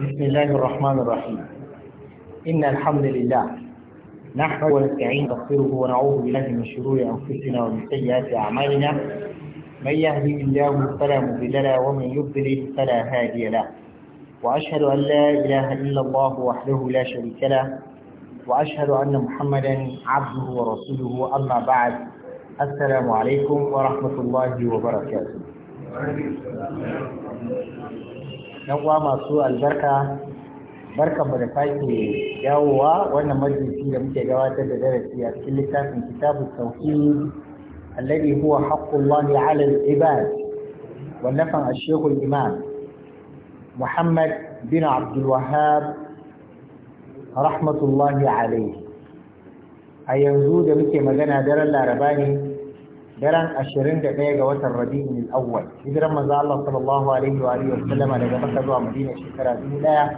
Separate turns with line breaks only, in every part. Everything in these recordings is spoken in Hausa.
بسم الله الرحمن الرحيم إن الحمد لله نحن ونستعين نغفره ونعوذ بالله من شرور أنفسنا ومن سيئات أعمالنا من يهدي الله فلا مضل له ومن يضلل فلا هادي له وأشهد أن لا إله إلا الله وحده لا شريك له وأشهد أن محمدا عبده ورسوله أما بعد السلام عليكم ورحمة الله وبركاته yawa masu albarka barkan mu da sake dawowa wannan majalisi da muke gabatar da darasi a cikin littafin kitabu tauhid alladhi huwa haqqullah 'ala al-ibad wallafan ash-shaykh al-imam Muhammad bin abd al Wahhab rahmatullahi alayhi a yanzu da muke magana daren Laraba ne daren ashirin da ɗaya ga watan Rabi'u al-awwal hijiran manzo Allah sallallahu alaihi wa alihi wasallama daga Makka zuwa Madina shekara dubu ɗaya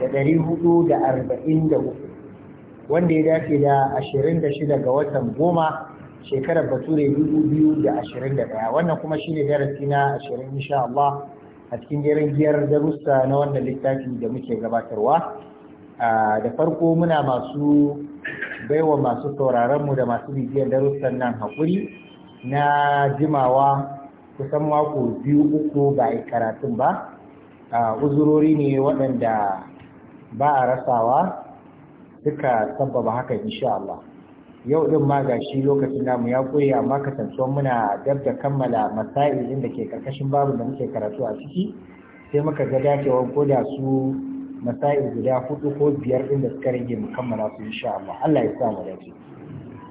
da ɗari hudu da arba'in da uku wanda ya dace da ashirin da shida ga watan goma shekarar bature dubu biyu da ashirin da ɗaya wannan kuma shine darasi na ashirin insha Allah a cikin jerin giyar darussa na wannan littafi da muke gabatarwa da farko muna masu baiwa masu sauraronmu da masu bibiyar darussan nan hakuri. na jimawa kusan mako biyu uku ba a karatun ba uzurori ne waɗanda ba a rasawa suka sabbaba haka insha Allah yau ɗin ma ga shi lokacin namu ya koya, amma kasancewa muna dab da kammala masailin da ke karkashin babu da muke karatu a ciki sai muka ga dacewar ko da su masail guda hudu ko biyar ɗin da suka rage mu kammala su insha Allah Allah ya sa mu dace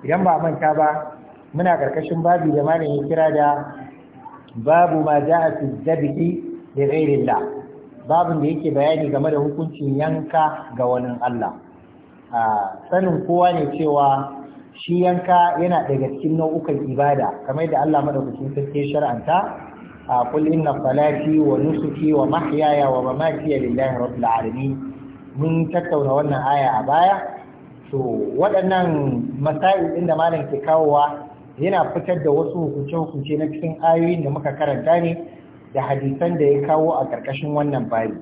idan ba manta ba muna karkashin babu da malin ya kira da babu ma a fi da li da babin da yake bayani game da hukuncin yanka ga wani Allah a sanin kowa ne cewa shi yanka yana daga cikin nau'ukan ibada kamar yadda Allah madaukakin sarki shar'anta a kul inna salati wa nusuki wa mahyaya wa mamati lillahi rabbil alamin mun tattauna wannan aya a baya to waɗannan masail inda da malam ke kawowa yana fitar da wasu hukunce-hukunce na cikin ayoyin da muka karanta ne da hadisan da ya kawo a ƙarƙashin wannan bayi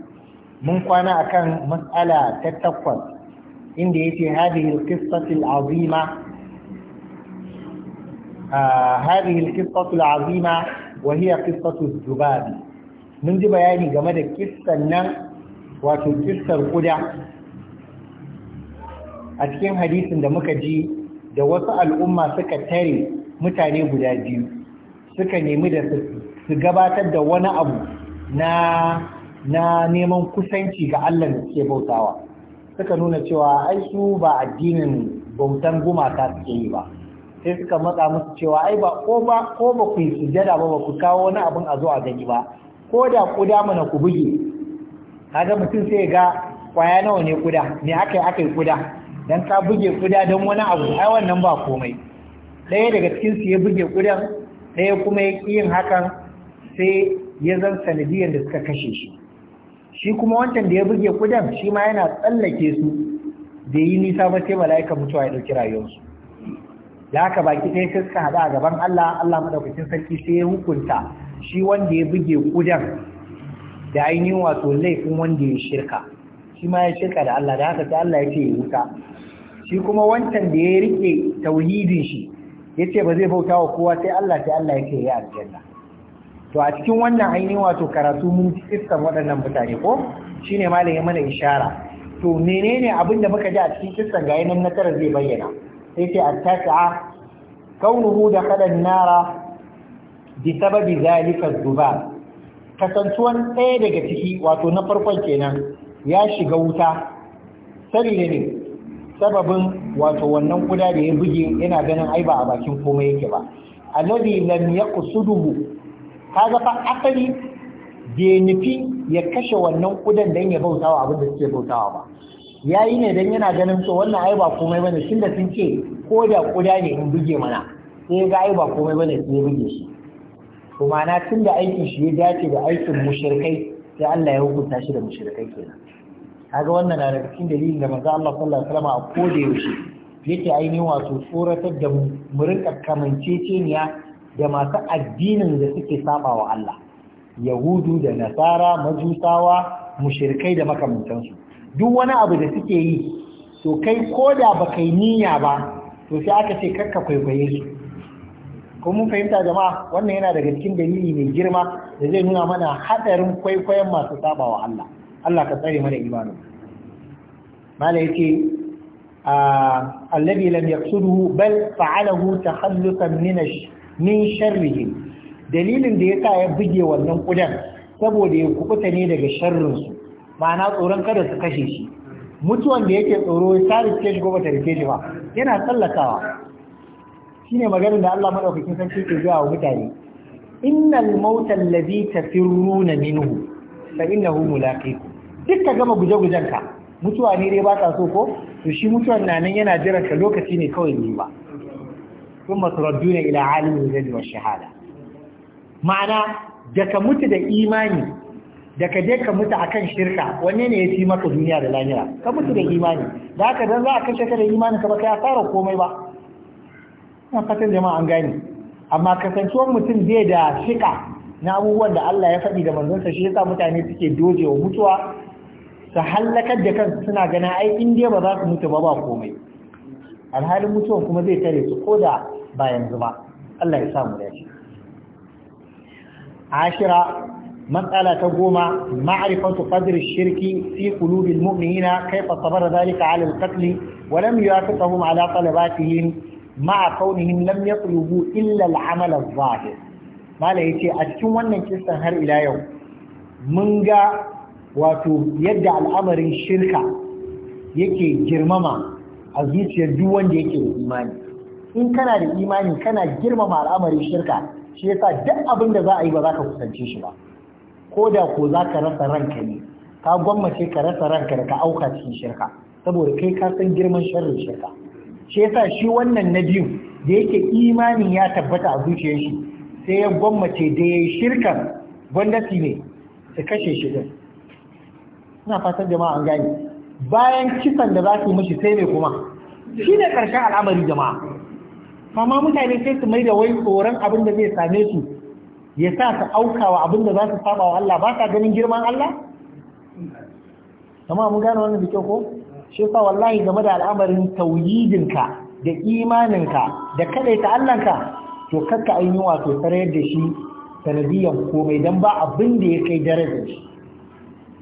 mun kwana kan matsala ta takwas inda yace ce al-qissatu azima wa hiya kistatul zubabi mun ji bayani game da kistan nan wato kistar kuda a cikin hadisin da muka ji da wasu al'umma suka tare mutane guda biyu suka nemi da su gabatar da wani abu na na neman kusanci ga Allah da suke bautawa suka nuna cewa ai su ba addinin bautan gumaka suke yi ba sai suka matsa musu cewa ai ba ko ba ko ba ku yi jada ba ba ku kawo wani abin a zo a gani ba ko da kuda mana ku buge kaga mutum sai ga kwaya nawa ne kuda me aka yi aka yi kuda dan ka buge kuda don wani abu ai wannan ba komai ɗaya daga cikinsu ya buge ƙudan ɗaya kuma ya ƙi yin hakan sai ya zan sanadiyar da suka kashe shi shi kuma wancan da ya buge ƙudan shi ma yana tsallake su da yi nisa ba sai mala'ika mutuwa ya ɗauki rayuwarsu da haka baki ɗaya sai suka haɗa a gaban Allah Allah madaukakin sarki sai ya hukunta shi wanda ya buge ƙudan da ainihin wato laifin wanda ya shirka shi ma ya shirka da Allah da haka sai Allah ya ce ya wuta shi kuma wancan da ya rike tauhidin shi Ya ce ba zai bauta wa kowa sai Allah sai Allah ya ke yi aljanna to a cikin wannan ainihin wato karatu mun ci iskan waɗannan mutane ko Shi shine ya mana ishara to menene abin da muka ji a cikin kissan ga yanar na tara zai bayyana sai ce attasi'a kaunuhu da kaɗan nara bi sababi zalika zuba. kasantuwan ɗaya daga ciki wato na farkon kenan ya shiga wuta ne ne sababin wato wannan kuda da ya buge yana ganin ai ba a bakin komai yake ba alladhi lam yaqsuduhu kaga fa asali bai nufi ya kashe wannan kudan dan ya bautawa abin da suke bautawa ba yayi ne dan yana ganin to wannan ai ba komai bane da sun ce ko da kuda ne in buge mana sai ga ai ba komai bane sai buge shi to ma'ana tunda aikin shi ya dace da aikin mushrikai sai Allah ya hukunta shi da mushrikai kenan kaga wannan na daga cikin dalilin da manzo Allah sallallahu alaihi wasallam a koda yaushe yake ainihin wato tsoratar da mu rinka kamanceceniya da masu addinin da suke saba Allah yahudu da nasara majusawa mushirikai da makamantansu duk wani abu da suke yi to kai koda baka yi niyya ba to sai aka ce karka kwaikwaye su ko mun fahimta jama'a wannan yana daga cikin dalili mai girma da zai nuna mana hadarin kwaikwayon masu saba Allah Allah ka tsare mana imanu mala yake alladhi lam yaqsuduhu bal fa'alahu takhallusan min min sharrihi dalilin da yasa ya buge wannan kudan saboda ya kubuta ne daga sharrin su ma'ana tsoron kada su kashe shi mutuwan da yake tsoro ya tsari ke shi gobe ta rike ba yana tsallakawa shine maganar da Allah madaukakin sarki ke zuwa wa mutane innal mautal ladhi tafirruna minhu fa innahu mulaqikum duk ka gama guje-gujen ka mutuwa ne dai ba ka so ko to shi mutuwan na nan yana jiran ka lokaci ne kawai ne ba sun maturaddu ne ila alimin zai wa shahada ma'ana da ka mutu da imani da ka je ka mutu akan shirka wanne ne ya fi maka duniya da lahira ka mutu da imani da haka dan za a kashe ka da imani ka ba ka fara komai ba na fatan jama'a an gane amma kasancewar mutum zai da shika na abubuwan da Allah ya faɗi da manzonsa shi yasa mutane suke dojewa mutuwa Ta hallakar da kansu suna ganin ai in ba za su mutu ba ba komai alhalin mutuwan kuma zai tare su ko da ba yanzu ba Allah ya samu da shi ashira matsala ta goma ma'rifatu qadri shirki fi qulubil mu'minina kayfa sabara dhalika 'ala al-qatl wa lam yuwafiqhum 'ala talabatihim ma'a kaunihim lam yatlubu illa al adh-dhahir mala yace a cikin wannan kissan har ila yau mun ga wato yadda al'amarin shirka yake girmama a zuciyar duk wanda yake da imani in kana da imani kana girmama al'amarin shirka shi yasa duk abin da za a yi ba za ka kusance shi ba ko da ko za ka rasa ranka ne ka gwammace ka rasa ranka da ka auka cikin shirka saboda kai ka san girman sharrin shirka shi yasa shi wannan na biyu da yake imani ya tabbata a zuciyar shi sai ya gwammace da ya yi shirkan gwamnati ne su kashe shi din suna fatan jama'a an gani bayan kisan da za su mashi sai mai kuma shi ne ƙarshen al'amari jama'a Kama mutane sai su mai da wai tsoron abin da zai same su ya sa su wa abin da za su saba wa Allah ba sa ganin girman Allah Kama mun gane wannan da ko shi sa wallahi game da al'amarin tauhidinka da imaninka da kadaita Allahnka to kakka ainihin wato tare da shi sanadiyan komai dan ba abin da ya kai darajar shi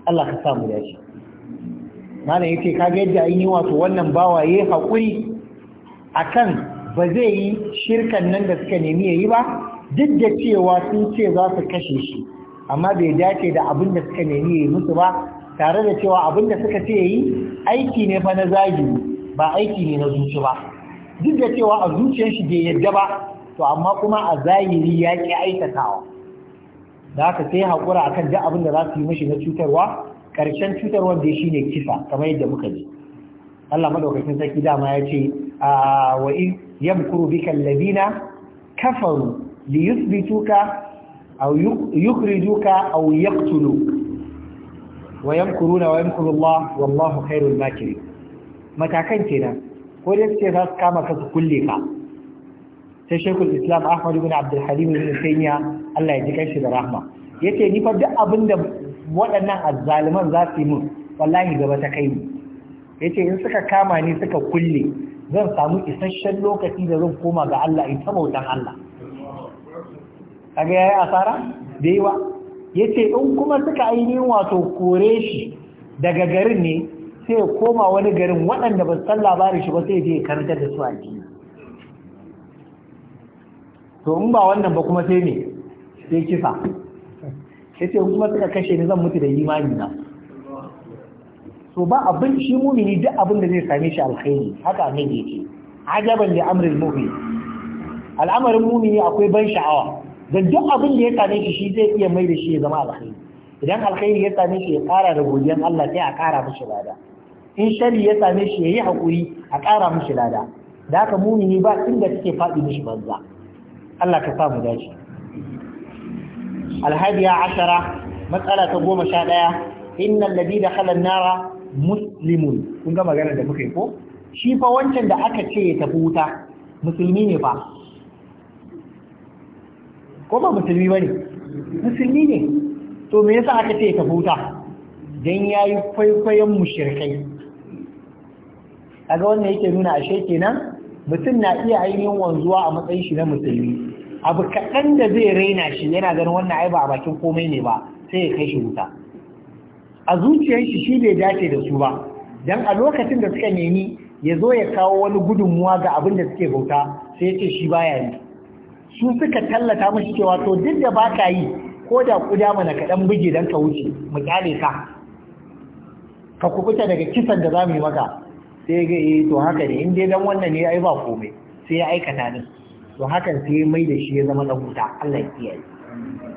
Allah ka samu da shi malam yace ga yadda an yi wato wannan bawa ye hakuri akan ba zai yi shirkan nan da suka nemi yayi ba duk da cewa sun ce za su kashe shi amma bai dace da abin da suka nemi yayi musu ba tare da cewa abin da suka ce yayi aiki ne fa na zagi ba aiki ne na zuci ba duk da cewa a zuciyar shi bai yadda ba to amma kuma a zahiri ya ki aikatawa da haka sai haƙura akan duk abin da za su yi mishi na cutarwa karshen cutarwar da shi ne kisa kamar yadda muka ji Allah madaukakin sarki dama ya ce a wa in yamkuru bika alladina kafaru li yuthbituka aw yukhrijuka aw yaqtulu wa yamkuruna wa yamkuru Allah wallahu khairul makirin matakan kenan ko da suke za su kama ka su kulle ka sai Sheikhul Islam Ahmad ibn Abdul Halim ibn Taymiyyah Allah ya ji kai shi da rahma yace ni fa duk abinda da waɗannan azzaliman za su yi min wallahi gaba ta kai ni yace in suka kama ni suka kulle zan samu isasshen lokaci da zan koma ga Allah in tabautan Allah kage yayi asara daiwa yace in kuma suka ainihin wato kore shi daga garin ne sai ya koma wani garin waɗanda ba san labarin shi ba sai je karantar da su a jini to in ba wannan ba kuma sai ne sai kisa sai ce kuma suka kashe ni zan mutu da imani na so ba abin shi mumini duk abin da zai same shi alkhairi haka ne yake ajaban li amril mu'min al'amarin mumini akwai ban sha'awa da duk abin da ya same shi shi zai iya mai da shi ya zama alkhairi idan alkhairi ya same shi ya kara da godiyan Allah sai a kara mishi lada in shari ya same shi yayi hakuri a kara mishi lada da haka mumini ba inda take faɗi mishi banza Allah ka sa mu dace alhadiya ashara matsala ta goma sha ɗaya innal ladhi dakhala nara muslimun kun ga magana da muka yi ko shi fa wancan da aka ce ya tafi wuta musulmi ne fa ko ba musulmi bane musulmi ne to me yasa aka ce ya tafi wuta dan yayi kwaikwayon mushrikai kaga wanda yake nuna ashe kenan mutum na iya ainihin wanzuwa a matsayin shi na musulmi abu kaɗan da zai raina shi yana ganin wannan ai ba a bakin komai ne ba sai ya kai shi wuta a zuciyar shi shi bai dace da su ba dan a lokacin da suka nemi ya zo ya kawo wani gudunmuwa ga abin da suke bauta sai ya ce shi baya yi su suka tallata mashi cewa to duk da ba ka yi ko da kuda mana kaɗan buge dan ka wuce mu kyale ka ka kubuta daga kisan da za mu yi maka sai ga yi eh, to haka ne in dai dan wannan ne ai ba komai sai ya aikata ni to hakan sai mai da shi ya zama na huta Allah ya kiyaye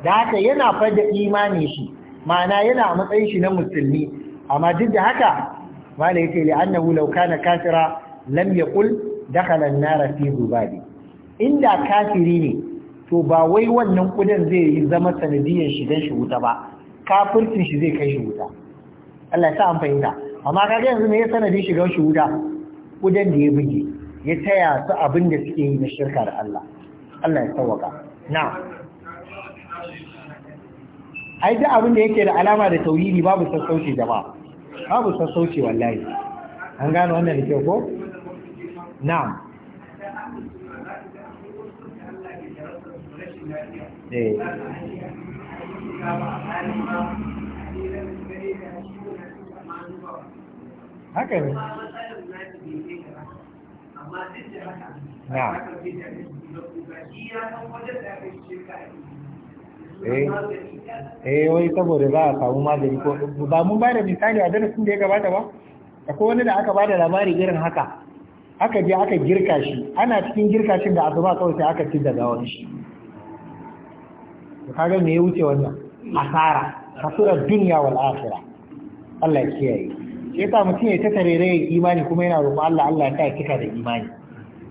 da haka yana fada imani shi ma'ana yana a matsayin shi na musulmi amma duk da haka mala yake li annahu law kana kafira lam yaqul dakhala an-nar fi zubabi inda kafiri ne to ba wai wannan kudin zai yi zama sanadiyar shigan shi wuta ba kafircin shi zai kai shi wuta Allah ya sa an fahimta amma kaga yanzu me ya sanadin shigan shi wuta kudan da ya buge ya taya su abin da suke yi na shirka da Allah Allah ya tsawaka. na ai duk abin da yake da alama da tauhidi babu sassauci jama'a babu sassauci wallahi an gano wannan da ke ko Na. Eh. haka ne na karfe eh, eh, saboda za samu magani ko ba mun ba da misali a darasin da ya gabata ba akwai wani da aka ba da labari irin haka aka je aka girka shi ana cikin girka shi da asuba kawai sai aka ci da gawar shi ka ga me ya wuce wannan asara kasurar duniya wal akhirah Allah ya kiyaye yasa mutum ya ta tarere imani kuma yana roƙon Allah Allah ya kika da imani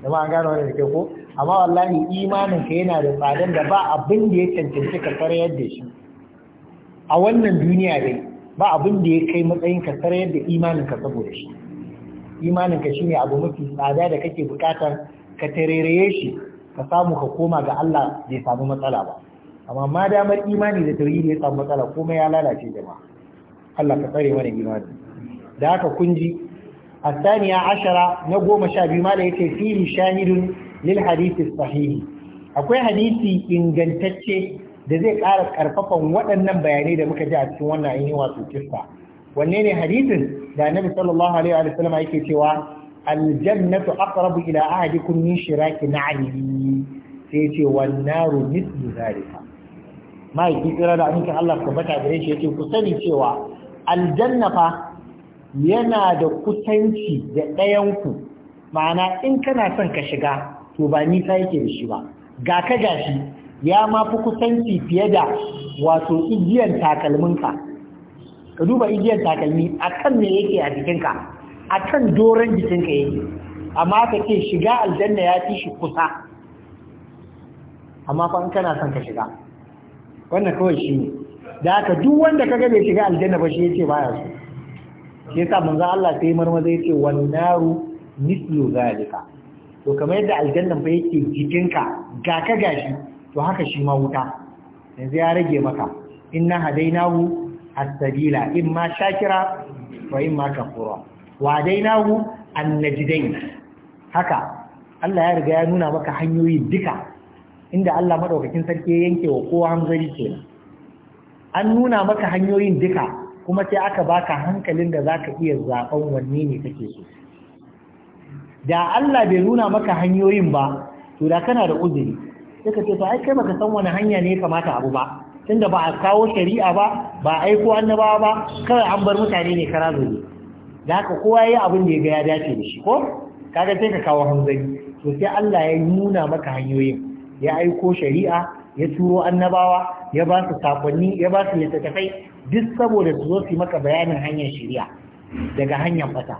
kuma an gano wannan da ke ko amma wallahi imanin ka yana da tsadan da ba abin da ya cancanci ka sarayar da shi a wannan duniya dai ba abin da ya kai matsayin ka sarayar da imanin ka saboda shi imanin ka shine abu mafi tsada da kake bukatar ka tarereye shi ka samu ka koma ga Allah bai samu matsala ba amma ma damar imani da tauhidi ya samu matsala komai ya lalace jama'a Allah ka tsare mana imani da haka kunji الثانية عشرة نقوم شابي ما ليس فيه lil للحديث sahihi akwai hadisi ingantacce da zai ƙara ƙarfafan waɗannan bayanai da muka ji a cikin wannan ainihin wato kissa wanne ne hadisin da annabi sallallahu alaihi wa sallam yake cewa aljannatu aqrabu ila ahadikum min shiraki na'lihi sai ya ce wan naru mithlu zalika mai kira da amincin Allah ka bata gare shi yace ku sani cewa aljanna fa yana da kusanci da ɗayanku ma'ana in kana son ka shiga to ba nisa yake da shi ba ga ka gashi ya ma fi kusanci fiye da wato igiyar takalminka ka duba igiyar takalmi a kan me yake a jikinka a kan doron jikinka yake amma ka ce shiga aljanna ya fi shi kusa amma fa in kana son ka shiga wannan kawai shi ne da haka duk wanda ka ga bai shiga aljanna ba shi yake baya so shi yasa manzo Allah sai marmaza yace wan naru mislu zalika to kamar yadda aljannan fa yake jikinka ga ka gashi to haka shi ma wuta yanzu ya rage maka inna hadainahu as-sabila imma shakira wa imma kafura wa hadainahu an-najdain haka Allah ya riga ya nuna maka hanyoyi duka inda Allah madaukakin sarki ya yanke wa kowa hanzari kenan an nuna maka hanyoyin duka kuma sai aka baka hankalin da zaka iya zaɓan wanne ne kake so da Allah bai nuna maka hanyoyin ba to da kana da uzuri sai ka ce to ai kai baka san wani hanya ne kamata abu ba tunda ba a kawo shari'a ba ba a aiko annabawa ba kawai an bar mutane ne kara zuri da haka kowa yayi abin da ya ga ya dace da shi ko kaga sai ka kawo hanzari to sai Allah ya nuna maka hanyoyin ya aiko shari'a ya turo annabawa ya ba su sakonni ya ba su littattafai duk saboda su zo su maka bayanin hanyar shirya daga hanyar bata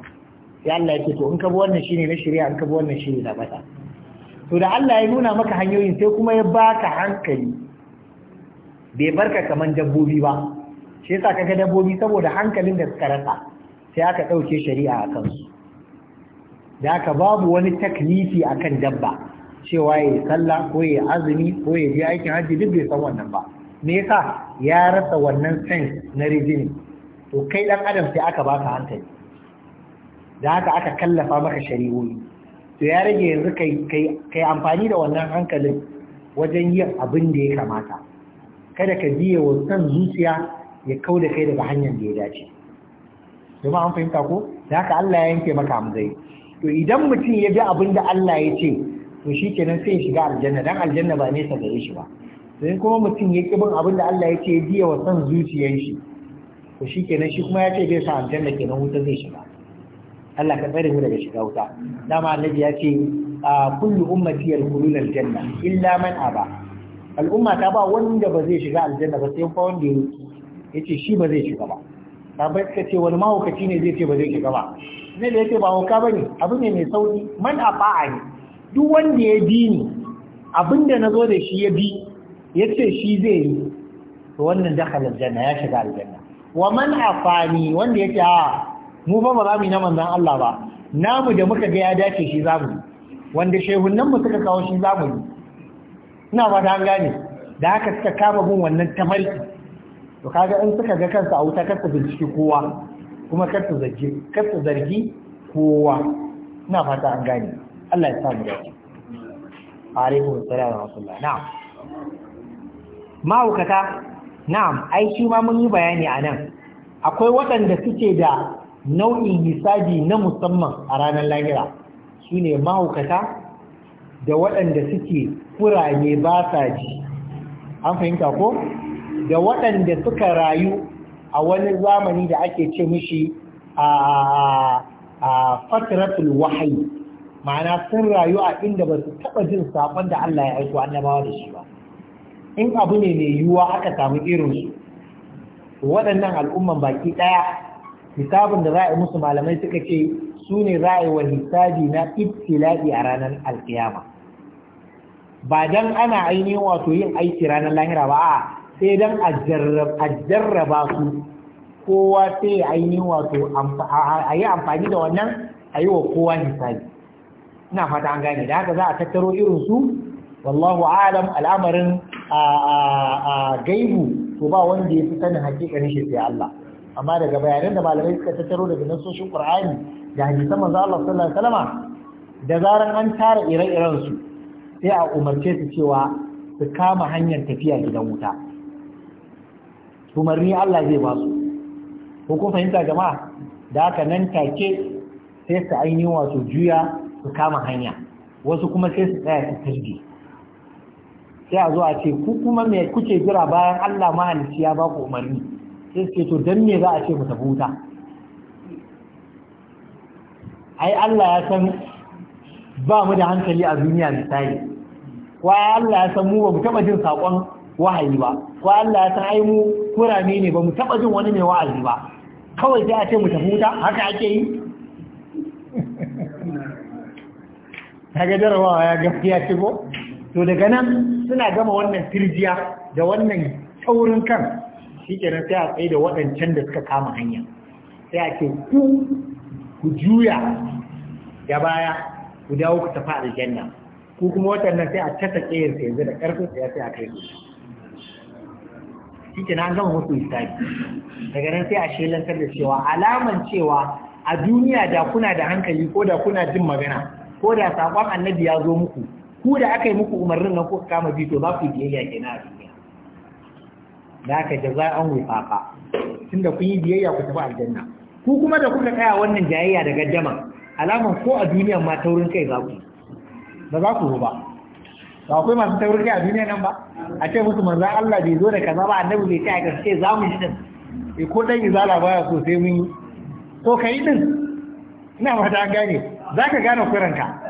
sai Allah ce to in ka bi wannan shine na shirya in ka bi wannan shine na bata to da Allah ya nuna maka hanyoyin sai kuma ya baka hankali bai barka kaman dabbobi ba shi yasa kaga dabbobi saboda hankalin da suka rasa sai aka dauke shari'a a kansu da aka babu wani taklifi akan dabba cewa ya yi sallah ko ya azumi ko ya je aikin hajji duk bai san wannan ba me yasa ya rasa wannan sense na rigini to kai dan adam sai aka baka hankali da haka aka kallafa maka shari'o'i to ya rage yanzu kai kai amfani da wannan hankalin wajen yin abin da ya kamata kada ka biye wa san zuciya ya kau da kai daga hanyar da ya dace domin an fahimta ko da haka Allah ya yanke maka amzai to idan mutum ya bi abin da Allah ya ce to shi kenan sai ya shiga aljanna dan aljanna ba nesa gare shi ba sai kuma mutum ya ƙi bin abin da Allah ya ce ya biya wa son zuciyar shi to shi kenan shi kuma ya ce bai sa aljanna kenan wuta zai shiga Allah ka tsare mu daga shiga wuta dama annabi ya ce a kullu ummati yadkhuluna aljanna illa man aba al'umma ta ba wanda ba zai shiga aljanna ba sai fa wanda ya yace shi ba zai shiga ba bai ka ce wani mahaukaci ne zai ce ba zai shiga ba ne da yake ba hauka bane abu ne mai sauki man aba ne duk wanda ya bi ni abinda nazo da shi ya bi ya ce shi zai yi to wannan dakhala aljanna ya shiga aljanna wa man afani wanda yake a ah, mu ba ba mu yi na manzon Allah ba namu da muka ga ya dace shi zamu wanda nan mu suka kawo shi zamu yi ina ba ta gane da haka suka kama bin wannan tamarki to kaga in suka ga kansu a wuta kar su binciki kowa kuma kar zargi kar zargi kowa ina fata an gane Allah ya sa mu dace alaikum assalam wa rahmatullah na'am mahaukata na'am ai shi ma mun yi bayani a nan akwai waɗanda suke da nau'in hisabi na musamman a ranar lahira su ne mahaukata da waɗanda suke furaye ba sa ji an fahimta ko da waɗanda suka rayu a wani zamani da ake ce mishi a fatratul wahayi ma'ana sun rayu a inda ba su taɓa jin saƙon da Allah ya aiko annabawa da shi ba in abu ne mai yiwuwa aka samu irinsu waɗannan al'umman baki ɗaya hisabin da za a yi musu malamai suka ce su ne za wa hisabi na ibtila'i a ranar alkiyama ba dan ana ainihin wato yin aiki ranar lahira ba a sai dan a jarraba su kowa sai ainihin wato a yi amfani da wannan a yi wa kowa hisabi ina fata an gane da haka za a tattaro irinsu wallahu alam al'amarin a gaibu to ba wanda ya fi sanin hakikanin shi sai Allah amma daga bayanan da malamai suka tattaro daga nasoshin Qur'ani da hadisan manzo Allah sallallahu alaihi wasallam da zaran an tara ire-iren su sai a umarce su cewa su kama hanyar tafiya gidan wuta umarni Allah zai ba su ko kuma fahimta jama'a da haka nan take sai su ainihin wato juya su kama hanya wasu kuma sai su tsaya su tarbi sai a zo a ce ku kuma me kuke jira bayan Allah mahalicci ya ba ku umarni sai ce to dan me za a ce mu tafi wuta ai Allah ya san ba mu da hankali a duniya misali ai Allah ya san mu ba mu taba jin sakon wahayi ba ko Allah ya san ai mu kurame ne ba mu taba jin wani mai wa'azi ba kawai sai a ce mu tafi wuta haka ake yi kaga jarabawa ya gaskiya shigo to daga nan suna gama wannan firjiya da wannan taurin kan shi kenan sai a tsaye da waɗancan da suka kama hanya sai a ce ku ku juya da baya ku dawo ku tafi aljanna ku kuma waɗannan sai a tasa tsayar yanzu da ƙarfin sai a kai su shi kenan an gama wasu hisabi daga nan sai a shelantar da cewa alaman cewa a duniya da kuna da hankali ko da kuna jin magana ko da saƙon annabi ya zo muku ku da aka yi muku umarnin nan kuka kama bi to za ku biyayya ke na duniya da aka jaza an Tun tunda kun yi biyayya ku tafi aljanna ku kuma da kuka tsaya wannan jayayya da gaddama alaman ko a duniyan ma taurin kai za ku ba za ku ba ba akwai masu taurin kai a duniya nan ba a ce musu manzan Allah bai zo da kaza ba annabi bai ce a gaske za mu yi din e, ko dan izala baya so sai mun yi ko kai din ina ta gane zaka gane kuranka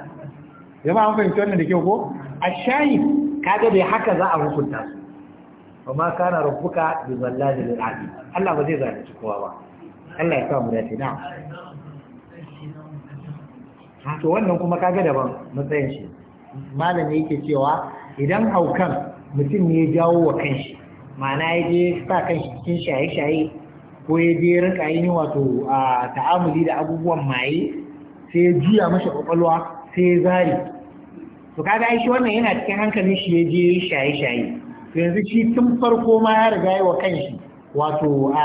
jama'a an fahimci wannan da kyau ko a shayi kaga bai haka za a hukunta su amma kana rubuka bi zallazi lil abid Allah ba zai zalunci kowa ba Allah ya sa mu dace na to wannan kuma kaga daban matsayin shi malami yake cewa idan haukan mutum ne ya jawo wa kanshi ma'ana ya je sa kanshi cikin shaye-shaye ko ya je rinka yin wato ta'amuli da abubuwan maye sai ya juya masa kwakwalwa sai ya zari to kaga ai shi wannan yana cikin hankalin shi ya je shaye shaye yanzu shi tun farko ma ya riga yi wa kanshi wato a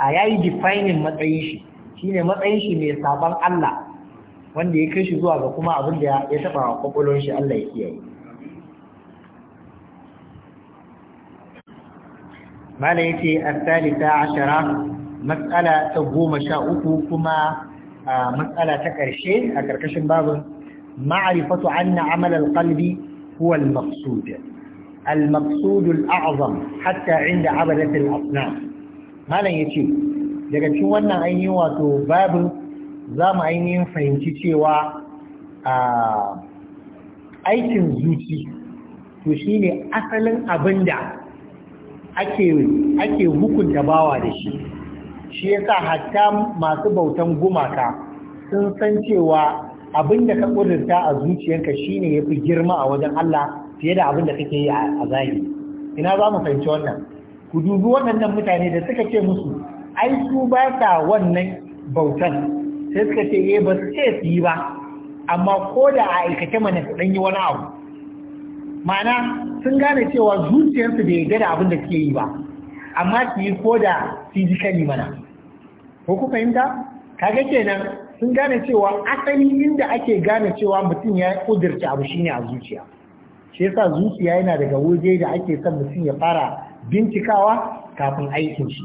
a yayi defining matsayin shi shine matsayin shi mai sabon Allah wanda ya kai shi zuwa ga kuma abin da ya taba kwakwalon shi Allah ya kiyaye mala ce as-salisa ashara matsala ta goma sha uku kuma matsala ta ƙarshe a ƙarƙashin babin معرفة أن عمل القلب هو المقصود المقصود الأعظم حتى عند عبدة الأصنام ما يتي daga cikin wannan ainihin wato babin za mu ainihin fahimci cewa aikin zuci to shine asalin abin da ake hukunta bawa da shi shi sa hatta masu bautan gumaka sun san cewa abin da ka ƙudurta a zuciyarka shine ya fi girma a wajen Allah fiye da abin da kake yi a zahiri ina za mu fahimci wannan ku dubi waɗannan mutane da suka ce musu ai su ba sa wannan bautan sai suka ce eh, ba su ce su yi ba amma ko da a aikace mana su ɗan yi wani abu ma'ana sun gane cewa zuciyarsu bai yarda da abin da suke yi ba amma su yi ko da fizikali mana ko ku fahimta kaga kenan sun gane cewa asali inda ake gane cewa mutum ya kudirce abu shine a zuciya shi yasa zuciya yana daga waje da ake son mutum ya fara bincikawa kafin aikin shi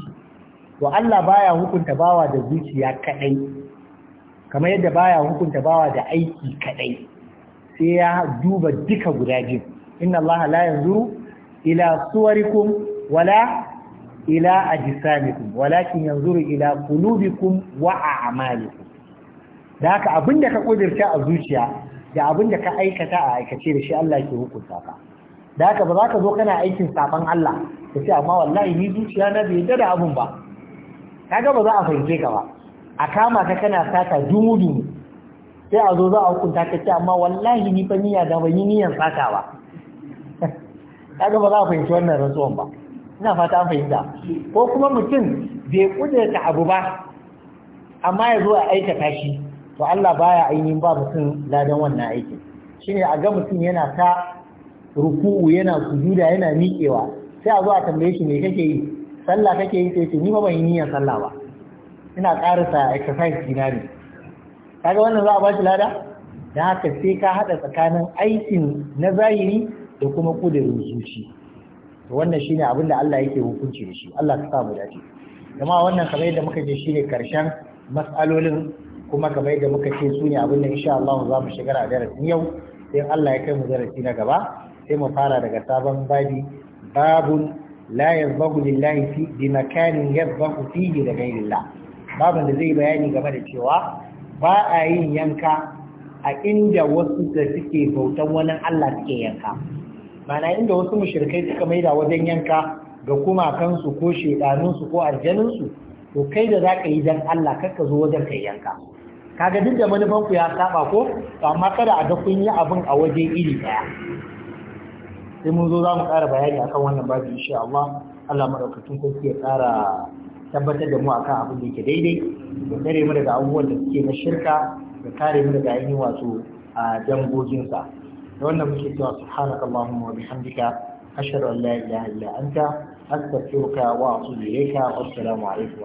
to Allah baya hukunta bawa da zuciya kadai kamar yadda baya hukunta bawa da aiki kadai sai ya duba duka guda biyu inna Allah la yanzuru ila suwarikum wala ila ajsamikum walakin yanzuru ila qulubikum wa a'malikum da haka abin da ka kudirta a zuciya da abin da ka aikata a aikace da shi Allah ke hukunta ka da haka ba za ka zo kana aikin saban Allah ka ce amma wallahi ni zuciya na bai yadda da abun ba kaga ba za a fahimce ka ba a kama ka kana saka dumu dumu sai a zo za a hukunta ka ce amma wallahi ni fa niyya da ban yi niyyar saka ba kaga ba za a fahimci wannan rantsuwan ba ina fata an fahimta ko kuma mutum bai kudirta abu ba amma ya zo a aikata shi to Allah baya ainihin ba mutum ladan wannan aikin ne a ga mutum yana ta ruku'u yana sujuda yana miƙewa sai a zuwa tambaye shi me kake yi sallah kake yi sai ce ni ba ban yi niyyar sallah ba ina karasa exercise dina ne kaga wannan za a bashi lada dan haka sai ka hada tsakanin aikin na zahiri da kuma kudirin zuci to wannan shine abin da Allah yake hukunci da shi Allah ka sa mu dace Jama'a wannan kamar yadda muka je shine karshen mas'alolin kuma kamar yadda muka ce su ne abin da insha Allah za mu shigar a darasin yau sai Allah ya kai mu darasi na gaba sai mu fara daga sabon babi babun la yazbahu lillahi fi bi makanin yazbahu fihi da ghairillah babun da zai bayani game da cewa ba a yin yanka a inda wasu da suke bautan wani Allah suke yanka mana inda wasu mushrikai suka maida wajen yanka ga kuma kansu ko shedanunsu ko aljanunsu to kai da za ka yi dan Allah kakka zo wajen kai yanka kaga duk da manufan ku ya saba ko to amma kada a ga kun yi abin a waje iri daya sai mun zo za mu ƙara bayani akan wannan babu insha Allah Allah madaukakin sarki ya ƙara tabbatar da mu akan abin da yake daidai da kare mu daga abubuwan da suke na shirka da kare mu daga ainihin wato a dangoginsa da wannan muke cewa subhanakallahumma wa bihamdika ashhadu an la ilaha illa anta wa وأتوب إليك والسلام alaikum